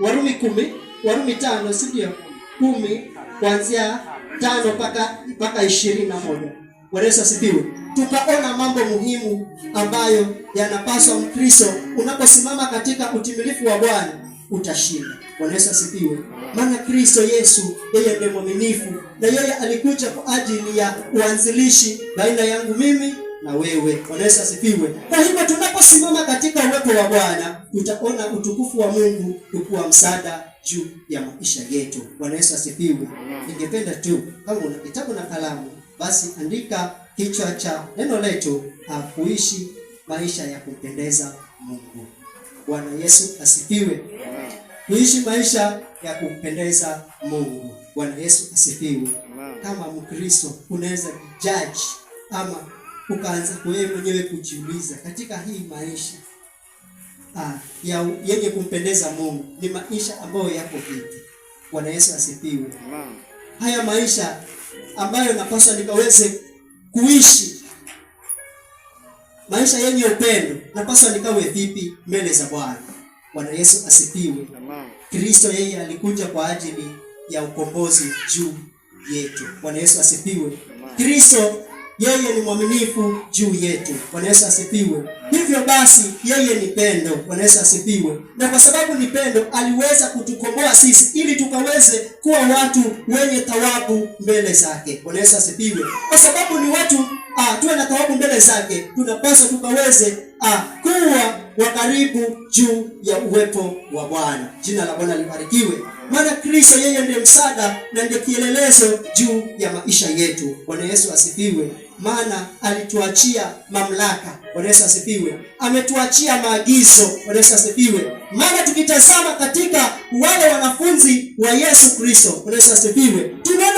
Warumi kumi, Warumi tano, si ndio? Kumi kuanzia tano mpaka mpaka ishirini na moja. Bwana Yesu asifiwe. Tukaona mambo muhimu ambayo yanapaswa Mkristo, unaposimama katika utimilifu wa Bwana utashinda. Bwana Yesu asifiwe. Maana Kristo Yesu yeye ndiye mwaminifu, na yeye alikuja kwa ajili ya uanzilishi baina yangu mimi na wewe. Wanaweza sifiwe. Kwa hivyo tunaposimama katika uwepo wa Bwana, tutaona utukufu wa Mungu ukuwa msaada juu ya maisha yetu. bwana yesu asifiwe Ningependa tu kama una kitabu na kalamu, basi andika kichwa cha neno letu, kuishi maisha ya kumpendeza Mungu. Bwana Yesu asifiwe. Kuishi maisha ya kumpendeza Mungu. Bwana Yesu asifiwe. Kama Mkristo unaweza judge ama ukaanza wewe mwenyewe kujiuliza katika hii maisha ah, ya yenye kumpendeza Mungu ni maisha ambayo yako vipi? Bwana Yesu asifiwe. Haya maisha ambayo napaswa nikaweze kuishi, maisha yenye upendo, napaswa nikawe vipi mbele za Bwana? Bwana Yesu asifiwe. Kristo yeye alikuja kwa ajili ya ukombozi juu yetu. Bwana Yesu asifiwe. Kristo yeye ni mwaminifu juu yetu. Bwana Yesu asifiwe. Hivyo basi, yeye ni pendo. Bwana Yesu asifiwe. Na kwa sababu ni pendo, aliweza kutukomboa sisi ili tukaweze kuwa watu wenye thawabu mbele zake. Bwana Yesu asifiwe. Kwa sababu ni watu ah, tuwe na thawabu mbele zake, tunapaswa tukaweze ah, kuwa wa karibu juu ya uwepo wa Bwana. Jina la Bwana libarikiwe. Maana Kristo yeye ndiye msaada na ndiye kielelezo juu ya maisha yetu. Bwana Yesu asifiwe maana alituachia mamlaka. Bwana Yesu asifiwe. Ametuachia maagizo. Bwana Yesu asifiwe. Maana tukitazama katika wale wanafunzi wa Yesu Kristo, Bwana Yesu asifiwe, tuna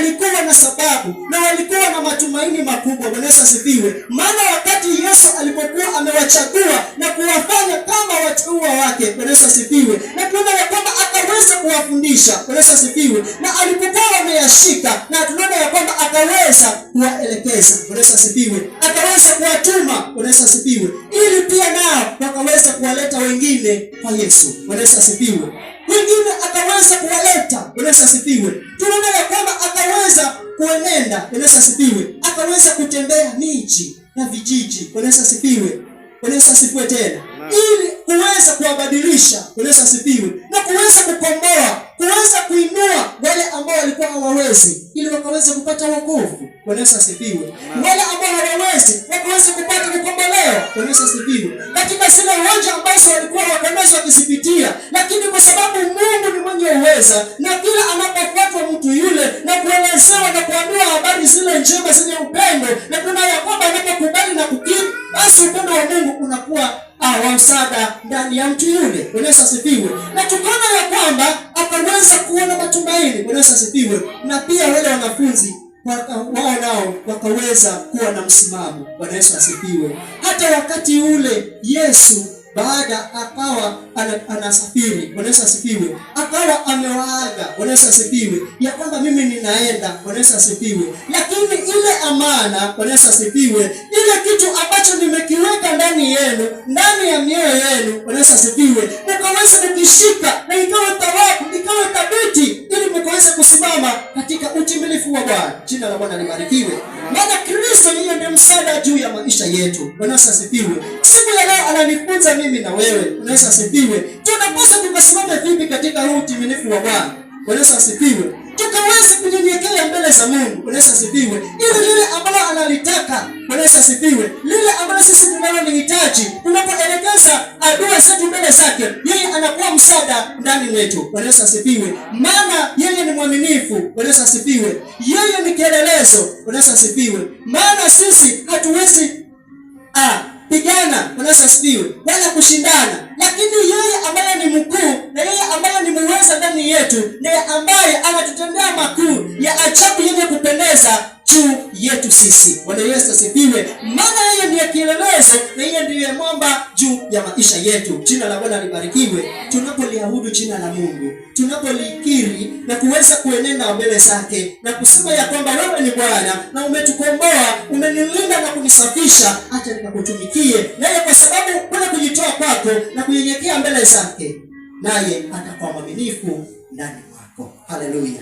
walikuwa na sababu na walikuwa na matumaini makubwa. Bwana Yesu asifiwe. Maana wakati Yesu alipokuwa amewachagua na kuwafanya kama wateua wake, Bwana Yesu asifiwe, na tunaona ya kwamba akaweza kuwafundisha, Bwana Yesu asifiwe, na alipokuwa wameyashika, na tunaona ya kwamba akaweza kuwaelekeza, Bwana Yesu asifiwe, akaweza kuwatuma, Bwana Yesu asifiwe, ili pia nao wakaweza kuwaleta wengine kwa Yesu. Bwana Yesu asifiwe, wengine akaweza kuwaleta, Bwana Yesu asifiwe tunaona ya kwamba akaweza kuenenda. Bwana asifiwe, akaweza kutembea miji na vijiji. Bwana asifiwe, Bwana asifiwe tena, ili kuweza kuwabadilisha. Bwana asifiwe, na kuweza kukomboa, kuweza kuinua wale ambao walikuwa hawawezi ili wakaweze kupata wokovu. Bwana Yesu asifiwe. Wale ambao hawawezi wakaweze kupata kukombolewa. Bwana Yesu asifiwe. Katika zile hoja ambazo walikuwa wakanazwa wakizipitia lakini kwa sababu Mungu ni mwenye uweza, na kila anapofuatwa mtu yule na kuelezewa na kuambiwa habari zile njema zenye upendo na kuna ya kwamba anapokubali na kukiri, basi upendo wa Mungu unakuwa wa msaada ndani ya mtu yule. Bwana Yesu asifiwe. Na tukaona ya kwamba akaweza kuona matumaini. Bwana Yesu asifiwe. Na pia wale wanafunzi wao nao wakaweza kuwa na msimamo. Bwana Yesu asifiwe. Hata wakati ule Yesu baada akawa anasafiri, ana Bwana asifiwe. Akawa amewaaga, Bwana asifiwe, ya kwamba mimi ninaenda, Bwana asifiwe. Lakini ile amana, Bwana asifiwe, ile kitu ambacho nimekiweka ndani yenu, ndani ya mioyo yenu, Bwana asifiwe, nikaweza kukishika na ikawa tawafu ikawa thabiti, ili mkaweza kusimama katika utimilifu wa Bwana. Jina la Bwana libarikiwe. Maana Kristo yeye ndiye msaada juu ya maisha yetu. Bwana asifiwe. Siku ya leo ananifunza mimi na wewe. Bwana asifiwe. Tunapaswa tukasimame vipi katika huu utimilifu wa Bwana? Bwana asifiwe. Basi kunyenyekea mbele za Mungu. Bwana asifiwe. Ili lile ambalo analitaka, Bwana asifiwe. Lile ambalo sisi tunalolihitaji, tunapoelekeza adua zetu mbele zake, yeye anakuwa msaada ndani yetu. Bwana asifiwe. Maana yeye ni mwaminifu. Bwana asifiwe. Yeye ni kielelezo. Bwana asifiwe. Maana sisi hatuwezi ah kupigana, Bwana asifiwe, wala kushindana, lakini yeye ambaye ni mkuu na yeye ambaye ni muweza ndani yetu ndiye ambaye anatutendea makuu ya ajabu yenye kupendeza juu yetu sisi. Bwana Yesu asifiwe, maana yeye ndiye kielelezo na yeye ndiye mwamba juu ya maisha yetu. Jina la Bwana libarikiwe. Tunapoliahudu jina la Mungu, tunapolikiri na kuweza kuenenda mbele zake na kusema ya kwamba wewe ni Bwana na umetukomboa, umenilinda na kunisafisha, acha nikakutumikie naye, kwa sababu kule kujitoa kwako na kunyenyekea mbele zake, naye atakuwa mwaminifu ndani mwako. Haleluya,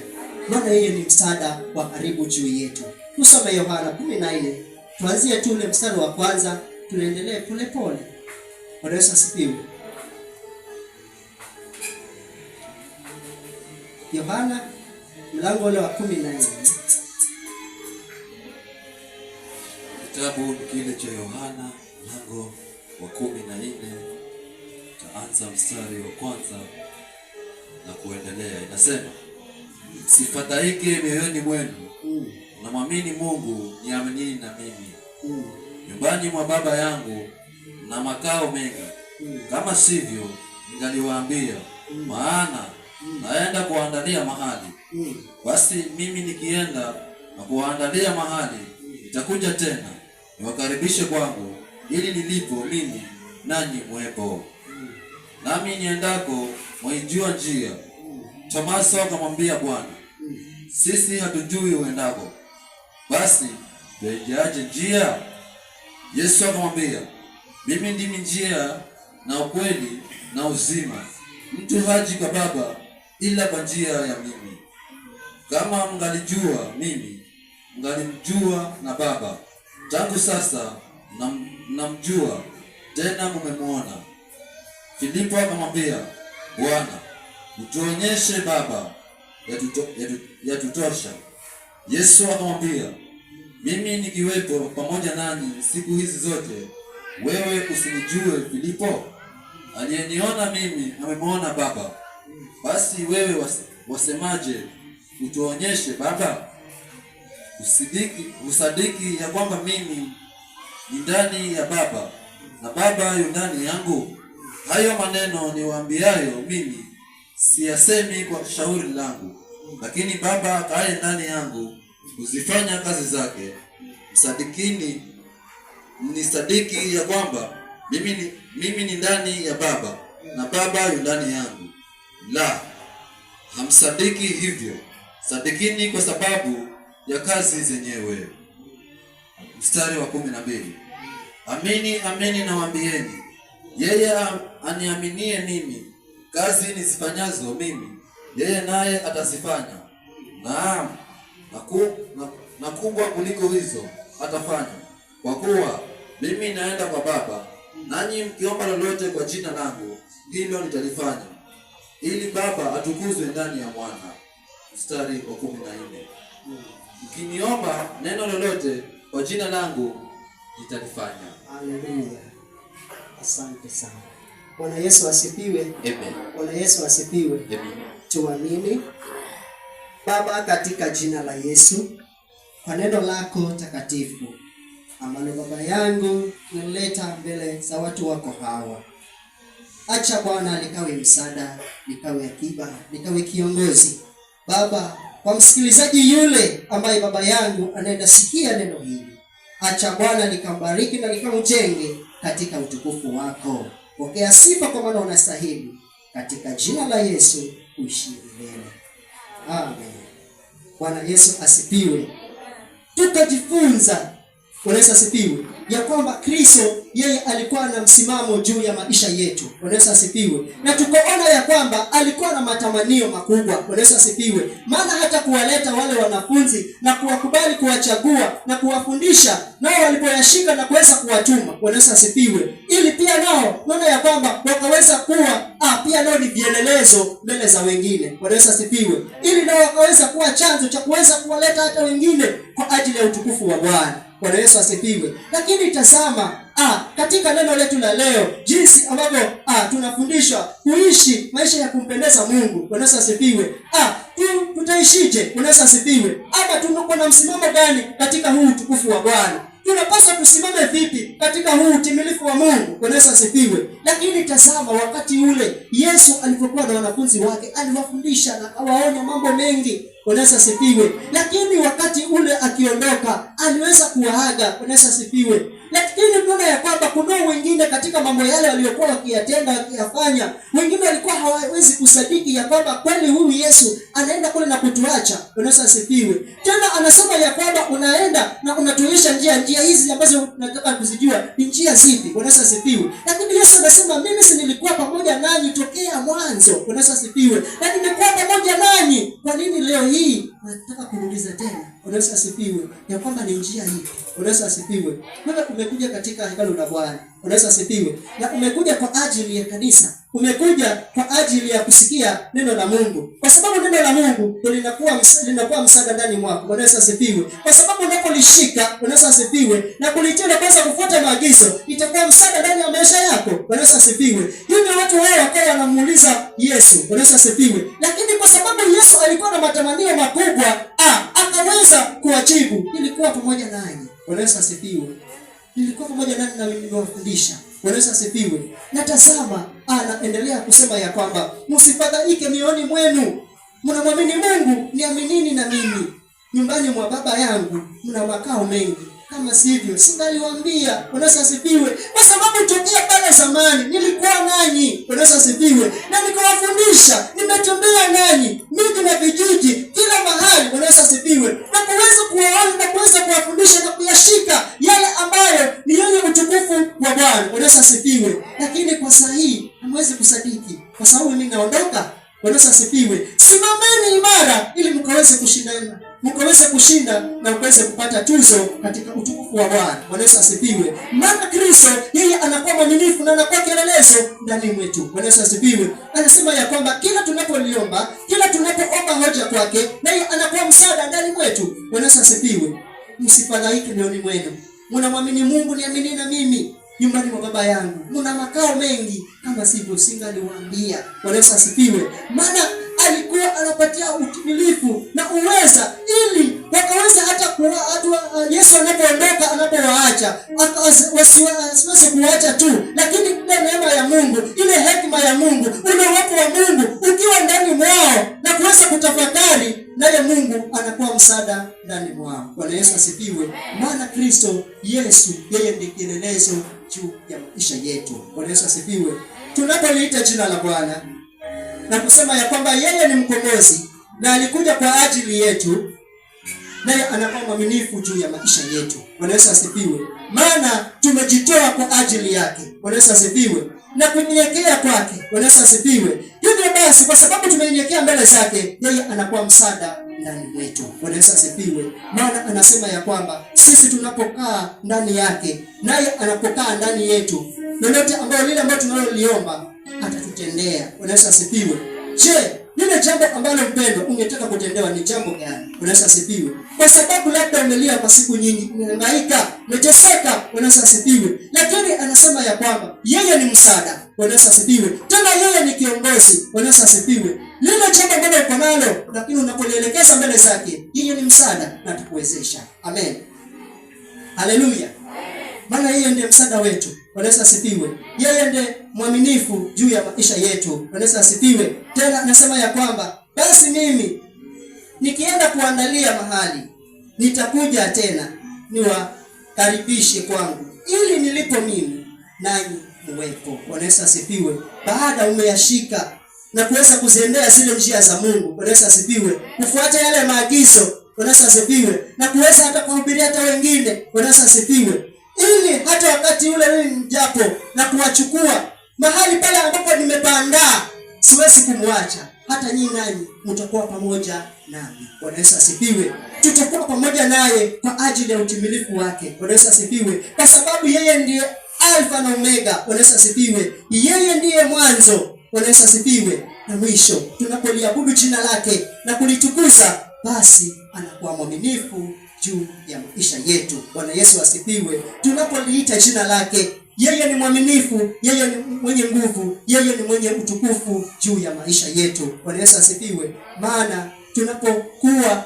maana yeye ni msaada wa karibu juu yetu. Tusome Yohana 14 tuanzie tu ule mstari wa kwanza, tuendelee polepole. Bwana Yesu asifiwe. Yohana mlango ule wa kumi na nne. Kitabu kile cha Yohana mlango wa kumi na nne taanza mstari wa kwanza na kuendelea, inasema sifadhaike mioyoni mwenu, namwamini Mungu, niaminini na mimi. Nyumbani mwa Baba yangu na makao mengi, kama sivyo ningaliwaambia, maana naenda kuandalia mahali. Basi mimi nikienda na kuwaandalia mahali, nitakuja tena niwakaribishe kwangu, ili nilipo mimi nanyi mwepo. Nami niendako mwaijua njia. Tomaso akamwambia Bwana, sisi hatujui uendako, basi twaijuaje njia? Yesu akamwambia mimi ndimi njia na ukweli na uzima, mtu haji kwa Baba ila kwa njia ya mimi. Kama mngalijua mimi, mngalimjua na Baba. Tangu sasa mnamjua tena, mumemwona. Filipo akamwambia, Bwana, utuonyeshe Baba, yatutosha. Yesu akamwambia, mimi nikiwepo pamoja nanyi siku hizi zote wewe usinijue Filipo? Aliyeniona mimi amemwona Baba. Basi wewe wasemaje, utuonyeshe Baba? Usidiki, usadiki ya kwamba mimi ni ndani ya Baba na Baba yu ndani yangu? Hayo maneno niwaambiayo mimi siyasemi kwa shauri langu, lakini Baba akaye ndani yangu huzifanya kazi zake. Msadikini ni sadiki ya kwamba mimi ni, mimi ni ndani ya Baba na Baba yu ndani yangu? La, hamsadiki hivyo. Sadikini kwa sababu ya kazi zenyewe. Mstari wa kumi na mbili. Amini amini nawaambieni, yeye aniaminie mimi, kazi nizifanyazo mimi yeye naye atazifanya, naam, na kubwa kuliko hizo atafanya, kwa kuwa mimi naenda kwa Baba, nanyi mkiomba lolote kwa jina langu, hilo nitalifanya, ili Baba atukuzwe ndani ya Mwana. Mstari wa kumi na nne mkiniomba neno lolote kwa jina langu nitalifanya. Haleluya, asante sana. Bwana Yesu asifiwe. Amen. Bwana Yesu asifiwe. Amen. Tuamini Baba katika jina la Yesu kwa neno lako takatifu ambalo Baba yangu nileta mbele za watu wako hawa. Acha Bwana likawe msaada, likawe akiba, likawe kiongozi Baba kwa msikilizaji yule ambaye Baba yangu anaenda sikia neno hili. Acha Bwana nikambariki na nikamjenge katika utukufu wako. Pokea sifa, kwa maana unastahili, katika jina la Yesu uishi milele. Amen. Bwana Yesu asipiwe. Tutajifunza Yesu asifiwe, ya kwamba Kristo yeye alikuwa na msimamo juu ya maisha yetu. Yesu asifiwe. Na tukaona ya kwamba alikuwa na matamanio makubwa. Yesu asifiwe, maana hata kuwaleta wale wanafunzi na kuwakubali, kuwachagua na kuwafundisha, nao walipoyashika na kuweza kuwatuma. Yesu asifiwe, ili pia nao naona ya kwamba wakaweza kuwa ah, pia nao ni vielelezo mbele za wengine. Yesu asifiwe, ili nao wakaweza kuwa chanzo cha kuweza kuwaleta hata wengine kwa ajili ya utukufu wa Bwana. Bwana Yesu asifiwe. Lakini tazama ah, katika neno letu la leo jinsi ambavyo ah, tunafundishwa kuishi maisha ya kumpendeza Mungu. Bwana Yesu asifiwe. Ah, tu, tutaishije? Bwana Yesu asifiwe. Ama tuko na msimamo gani katika huu utukufu wa Bwana? tunapaswa tusimame vipi katika huu utimilifu wa Mungu? Bwana Yesu asifiwe. Lakini tazama, wakati ule Yesu alipokuwa na wanafunzi wake aliwafundisha na awaonya mambo mengi. Bwana Yesu asifiwe. Lakini wakati ule akiondoka, aliweza kuwaaga. Bwana Yesu asifiwe lakini tunaona ya kwamba kuna wengine katika mambo yale waliokuwa wakiyatenda wakiyafanya, wengine walikuwa hawawezi kusadiki ya kwamba kweli huyu Yesu anaenda kule na kutuacha. Yesu asifiwe. Tena anasema ya kwamba unaenda na unatuonyesha njia, njia hizi ambazo nataka kuzijua ni njia zipi. Yesu asifiwe. Lakini Yesu anasema mimi si nilikuwa pamoja nanyi tokea mwanzo. Yesu asifiwe. Na nimekuwa pamoja nanyi, kwa nini leo hii nataka kuuliza tena, unaweza asipiwe ya kwamba ni njia hii. Unaweza asipiwe Wewe umekuja katika hekalu la Bwana, unaweza asipiwe, na umekuja kwa ajili ya kanisa, umekuja kwa ajili ya kusikia neno la Mungu, kwa sababu neno la Mungu linakuwa linakuwa msaada ndani mwako. Unaweza asipiwe, kwa sababu unapolishika, unaweza asipiwe, na kulitenda kwanza, kufuata maagizo, itakuwa msaada ndani ya maisha yako. Unaweza asipiwe. Hivyo watu wao wakawa wanamuuliza Yesu, unaweza asipiwe, lakini kwa sababu Yesu alikuwa na matamanio makubwa mkubwa a, ah, akaweza kuwajibu, nilikuwa pamoja nanyi. Wanaweza asifiwe, nilikuwa pamoja naye na nimewafundisha. Wanaweza asifiwe. Natazama tazama, ah, anaendelea kusema ya kwamba msifadhaike mioyoni mwenu, mnamwamini Mungu, niaminini na mimi. Nyumbani mwa Baba yangu mna makao mengi kama sivyo singaliwaambia. Bwana asifiwe, kwa sababu tokea pale zamani nilikuwa nanyi. Bwana asifiwe, na nikawafundisha, nimetembea nanyi miji na vijiji, kila mahali. Bwana asifiwe, na kuweza kuwaona na kuweza kuwafundisha na kuyashika yale ambayo ni yenye utukufu wa Bwana. Bwana asifiwe, lakini kwa saa hii hamwezi kusadiki, kwa sababu mimi naondoka. Bwana asifiwe, simameni imara ili mkaweze kushindana ukaweze kushinda na ukaweze kupata tuzo katika utukufu wa Bwana. Bwana Yesu asifiwe. Maana Kristo yeye anakuwa mwaminifu na anakuwa kielelezo ndani mwetu. Bwana Yesu asifiwe. Anasema ya kwamba kila tunapoliomba, kila tunapoomba hoja kwake, naye anakuwa msaada ndani mwetu. Bwana Yesu asifiwe. Msifadhaike mioyoni mwenu, mnamwamini Mungu, niamini na mimi nyumbani mwa Baba yangu muna makao mengi, kama sivyo singaliwaambia. Bwana Yesu asifiwe. maana alikuwa anapatia utimilifu na uweza, ili wakaweza hata uh, Yesu anapoondoka, anapowaacha uh, asiweze kuwaacha tu, lakini ile neema ya Mungu, ile hekima ya Mungu, ule uwepo wa Mungu ukiwa ndani mwao na kuweza kutafakari, naye Mungu anakuwa msaada ndani mwao. Bwana Yesu asifiwe. Maana Kristo Yesu yeye ndiye kielelezo juu ya maisha yetu. Bwana Yesu asifiwe. Tunapoliita jina la Bwana na kusema ya kwamba yeye ni mkombozi na alikuja kwa ajili yetu, naye anakuwa mwaminifu juu ya maisha yetu. Bwana Yesu asifiwe, maana tumejitoa kwa ajili yake. Bwana Yesu asifiwe, na kunyenyekea kwake. Bwana Yesu asifiwe. Hivyo basi, kwa sababu tumenyenyekea mbele zake, yeye anakuwa msaada ndani yetu Bwana Yesu asifiwe, maana anasema ya kwamba sisi tunapokaa ndani yake, naye anapokaa ndani yetu, lolote ambayo lile ambayo tunaloliomba kutendea. Unaweza sipiwe. Je, lile jambo ambalo mpendwa ungetaka kutendewa ni jambo gani? Unaweza sipiwe. Kwa sababu labda umelia kwa siku nyingi, umehangaika, umeteseka, unaweza sipiwe. Lakini anasema ya kwamba yeye ni msaada. Unaweza sipiwe. Tena yeye ni kiongozi. Unaweza sipiwe. Lile jambo ambalo uko nalo lakini unapolielekeza mbele zake, yeye ni msaada na atakuwezesha. Amen. Haleluya. Maana yeye ndiye msaada wetu. Yesu asifiwe. Yeye ndiye mwaminifu juu ya maisha yetu. Bwana Yesu asifiwe. Tena nasema ya kwamba basi mimi nikienda kuandalia mahali nitakuja tena niwakaribishe kwangu, ili nilipo mimi nanyi muwepo. wanaweza Yesu asifiwe. Baada umeyashika na kuweza kuziendea zile njia za Mungu. Bwana Yesu asifiwe. Kufuata yale maagizo. Bwana Yesu asifiwe. Na kuweza hata kuhubiria hata wengine. Bwana Yesu asifiwe ili hata wakati ule mimi mjapo na kuwachukua mahali pale ambapo nimepandaa, siwezi kumwacha hata nyinyi, nanyi mtakuwa pamoja nami. Bwana Yesu asifiwe. Tutakuwa pamoja naye kwa ajili ya utimilifu wake. Bwana Yesu asifiwe, kwa sababu yeye ndiye Alfa na Omega. Bwana Yesu asifiwe, yeye ndiye mwanzo. Bwana Yesu asifiwe na mwisho. Tunapoliabudu jina lake na kulitukuza, basi anakuwa mwaminifu juu ya maisha yetu. Bwana Yesu asifiwe. Tunapoliita jina lake, yeye ni mwaminifu, yeye ni mwenye nguvu, yeye ni mwenye utukufu juu ya maisha yetu. Bwana Yesu asifiwe. Maana tunapokuwa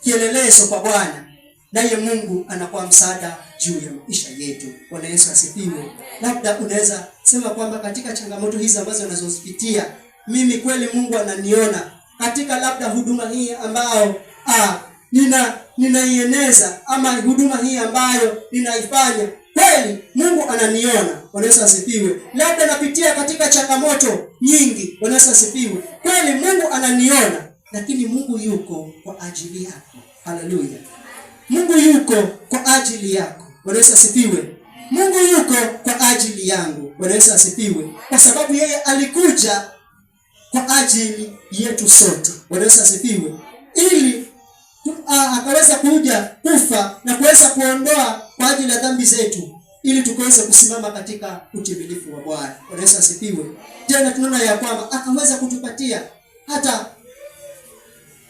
kielelezo kwa Bwana, naye Mungu anakuwa msaada juu ya maisha yetu. Bwana Yesu asifiwe. Labda unaweza sema kwamba katika changamoto hizi ambazo nazozipitia mimi, kweli Mungu ananiona katika labda huduma hii ambao ah, nina ninaieneza ama huduma hii ambayo ninaifanya kweli Mungu ananiona. Wanaweza asifiwe. Labda napitia katika changamoto nyingi. Wanaweza asifiwe. Kweli Mungu ananiona, lakini Mungu yuko kwa ajili yako. Haleluya! Mungu yuko kwa ajili yako. Wanaweza asifiwe. Mungu yuko kwa ajili yangu. Wanaweza asifiwe, kwa sababu yeye alikuja kwa ajili yetu sote. Wanaweza asifiwe ili akaweza kuja kufa na kuweza kuondoa kwa ajili ya dhambi zetu ili tukaweze kusimama katika utimilifu wa Bwana. Yesu asifiwe. Tena tunaona ya kwamba akaweza kutupatia hata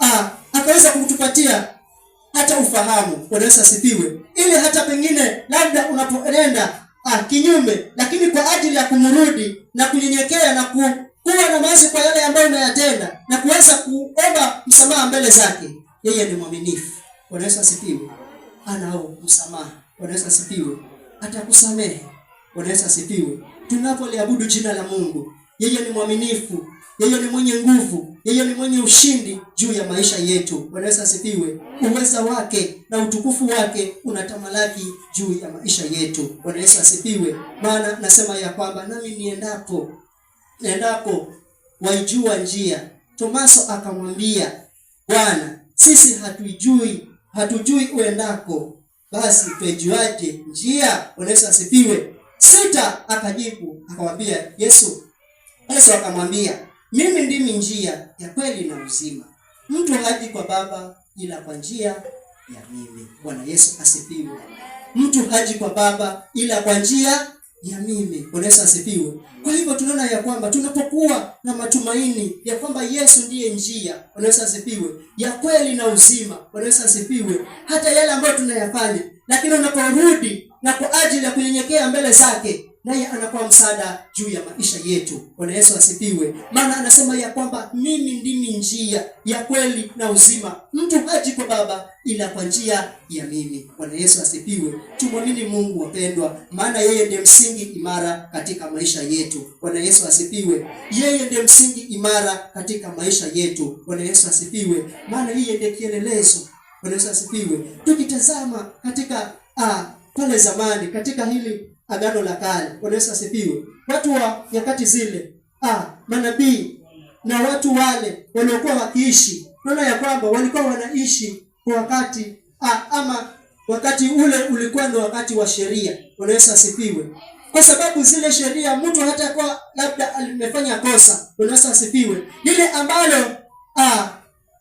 a, akaweza kutupatia hata ufahamu. Yesu asifiwe, ili hata pengine labda unapoenda kinyume, lakini kwa ajili ya kumrudi na kunyenyekea na ku, kuwa na mazi kwa yale ambayo unayatenda na kuweza kuomba msamaha mbele zake yeye ni mwaminifu. Bwana Yesu asifiwe. Anao msamaha. Bwana Yesu asifiwe. Atakusamehe. Bwana Yesu asifiwe. Tunapoliabudu jina la Mungu, yeye ni mwaminifu, yeye ni mwenye nguvu, yeye ni mwenye ushindi juu ya maisha yetu. Bwana Yesu asifiwe. Uweza wake na utukufu wake unatamalaki juu ya maisha yetu. Bwana Yesu asifiwe. Maana nasema ya kwamba nami niendapo, niendapo waijua njia. Tomaso akamwambia Bwana sisi hatujui, hatujui uendako, basi twejuaje njia? Unaweza asifiwe. Sita akajibu akamwambia Yesu, Yesu akamwambia, mimi ndimi njia ya kweli na uzima, mtu haji kwa Baba ila kwa njia ya mimi. Bwana Yesu asifiwe. Mtu haji kwa Baba ila kwa njia ya mimi. Unaweza asipiwe. Kwa hivyo tunaona ya kwamba tunapokuwa na matumaini ya kwamba Yesu ndiye njia, unaweza asipiwe, ya kweli na uzima, unaweza asipiwe, hata yale ambayo tunayafanya, lakini unaporudi na kwa ajili ya kunyenyekea mbele zake naye anakuwa msaada juu ya maisha yetu. Bwana Yesu asifiwe. Maana anasema ya kwamba mimi ndimi njia ya kweli na uzima, mtu haji kwa Baba ila kwa njia ya mimi. Bwana Yesu asifiwe. Tumwamini Mungu wapendwa, maana yeye ndiye msingi imara katika maisha yetu. Bwana Yesu asifiwe. Yeye ndiye msingi imara katika maisha yetu. Bwana Yesu asifiwe, maana yeye ndiye kielelezo. Bwana Yesu asifiwe. Tukitazama katika ah, pale zamani katika hili Agano la Kale. Yesu asifiwe. Watu wa nyakati zile, ah, manabii na watu wale waliokuwa wakiishi, tunaona ya kwamba walikuwa wanaishi kwa wakati ah, ama wakati ule ulikuwa ndio wakati wa sheria. Yesu asifiwe. Kwa sababu zile sheria, mtu hata kwa labda alimefanya kosa, Yesu asifiwe, lile ambalo ah,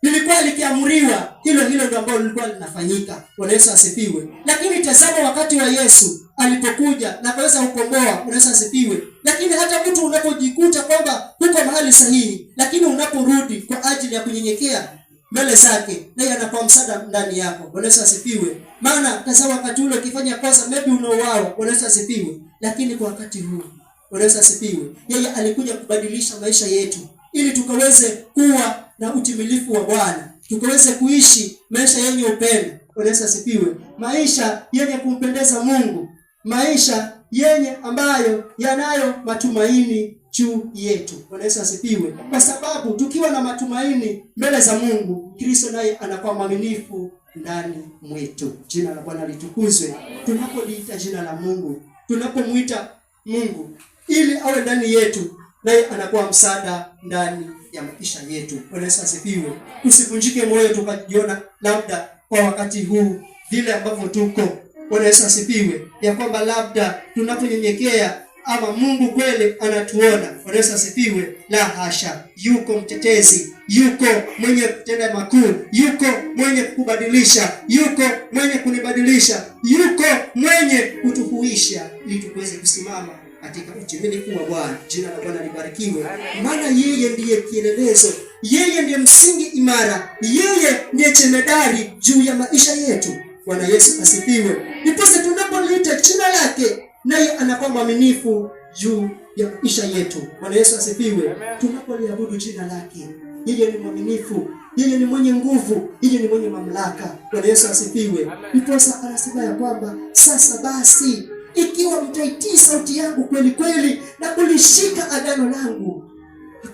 lilikuwa likiamuriwa hilo hilo ndio ambalo lilikuwa linafanyika. Bwana Yesu asifiwe. Lakini tazama, wakati wa Yesu alipokuja na kaweza kukomboa, Bwana Yesu asifiwe. Lakini hata mtu unapojikuta kwamba huko mahali sahihi, lakini unaporudi kwa ajili ya kunyenyekea mbele zake, naye anakuwa msaada ndani yako. Bwana Yesu asifiwe. Maana tazama, wakati ule ukifanya kosa, maybe unauawa. Bwana Yesu asifiwe. Lakini kwa wakati huu, Bwana Yesu asifiwe, yeye alikuja kubadilisha maisha yetu ili tukaweze kuwa na utimilifu wa Bwana, tukaweze kuishi maisha yenye upendo. Yesu asifiwe, maisha yenye kumpendeza Mungu, maisha yenye ambayo yanayo matumaini juu yetu. Yesu asifiwe, kwa sababu tukiwa na matumaini mbele za Mungu, Kristo naye anakuwa mwaminifu ndani mwetu. Jina la Bwana litukuzwe. Tunapoliita jina la Mungu, tunapomwita Mungu ili awe ndani yetu, naye anakuwa msaada ndani ya maisha yetu. Bwana Yesu asifiwe. Usivunjike moyo tukajiona labda kwa wakati huu vile ambavyo tuko. Bwana Yesu asifiwe, ya kwamba labda tunaponyenyekea ama Mungu kweli anatuona. Bwana Yesu asifiwe. La hasha, yuko mtetezi, yuko mwenye kutenda makuu, yuko mwenye kubadilisha yuko mwenye kunibadilisha, yuko mwenye kutuhuisha ili tuweze kusimama katika Mimi kuwa Bwana. Jina la Bwana libarikiwe, maana yeye ndiye kielelezo, yeye ndiye msingi imara, yeye ndiye chemedari juu ya maisha yetu. Bwana Yesu asifiwe. Nipose tunapoliita jina lake, naye anakuwa mwaminifu juu ya maisha yetu. Bwana Yesu asifiwe. Tunapoliabudu jina lake, yeye ni mwaminifu, yeye ni mwenye nguvu, yeye ni mwenye mamlaka. Bwana Yesu asifiwe. Nipose anasema ya kwamba sasa basi ikiwa mtaitii sauti yangu kweli kweli na kulishika agano langu,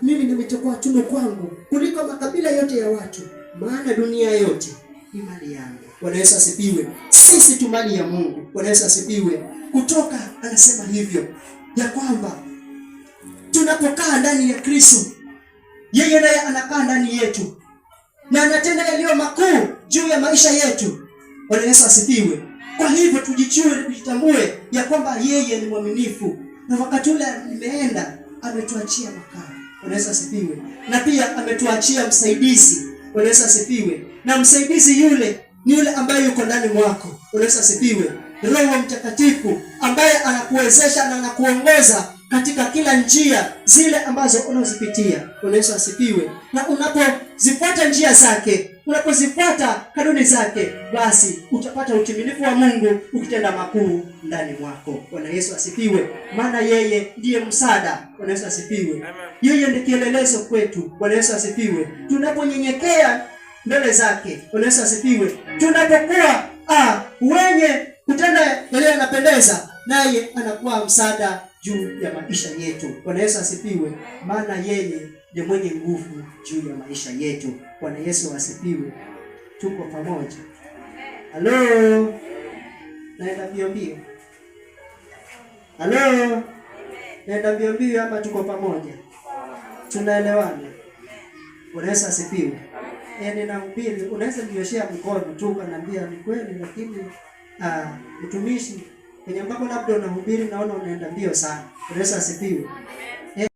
mimi nimetokoa tume kwangu kuliko makabila yote ya watu, maana dunia yote ni mali yangu. Bwana Yesu asifiwe. Sisi tu mali ya Mungu. Bwana Yesu asifiwe. Kutoka anasema hivyo ya kwamba tunapokaa ndani ya Kristo, yeye naye anakaa ndani yetu na anatenda yaliyo makuu juu ya maisha yetu. Bwana Yesu asifiwe. Kwa hivyo tujichue tujitambue ya kwamba yeye ni mwaminifu, na wakati ule nimeenda ametuachia makao, unaweza sipiwe, na pia ametuachia msaidizi, unaweza sipiwe, na msaidizi yule ni yule ambaye yuko ndani mwako, unaweza sipiwe, Roho Mtakatifu ambaye anakuwezesha na anakuongoza katika kila njia zile ambazo unazipitia. unaweza sipiwe, na unapozifuata njia zake Unapozifuata kanuni zake, basi utapata utimilifu wa Mungu ukitenda makuu ndani mwako. Bwana Yesu asifiwe, maana yeye ndiye msaada. Bwana Yesu asifiwe, Yeye ndiye kielelezo kwetu. Bwana Yesu asifiwe, tunaponyenyekea mbele zake. Bwana Yesu asifiwe, tunapokuwa ah, wenye kutenda yale yanapendeza, naye anakuwa msaada juu ya maisha yetu. Bwana Yesu asipiwe, maana yeye ni mwenye nguvu juu ya maisha yetu. Bwana Yesu asipiwe, tuko pamoja. Halo, naenda mbio mbio. Halo, naenda mbio mbio hapa, tuko pamoja? Tunaelewana? Bwana Yesu asipiwe. na e, ninahubiri, unaweza kunyoshea mkono tu ukaniambia ni kweli, lakini uh, mtumishi Kwenye ambapo labda unahubiri naona unaenda mbio sana. Yesu asifiwe.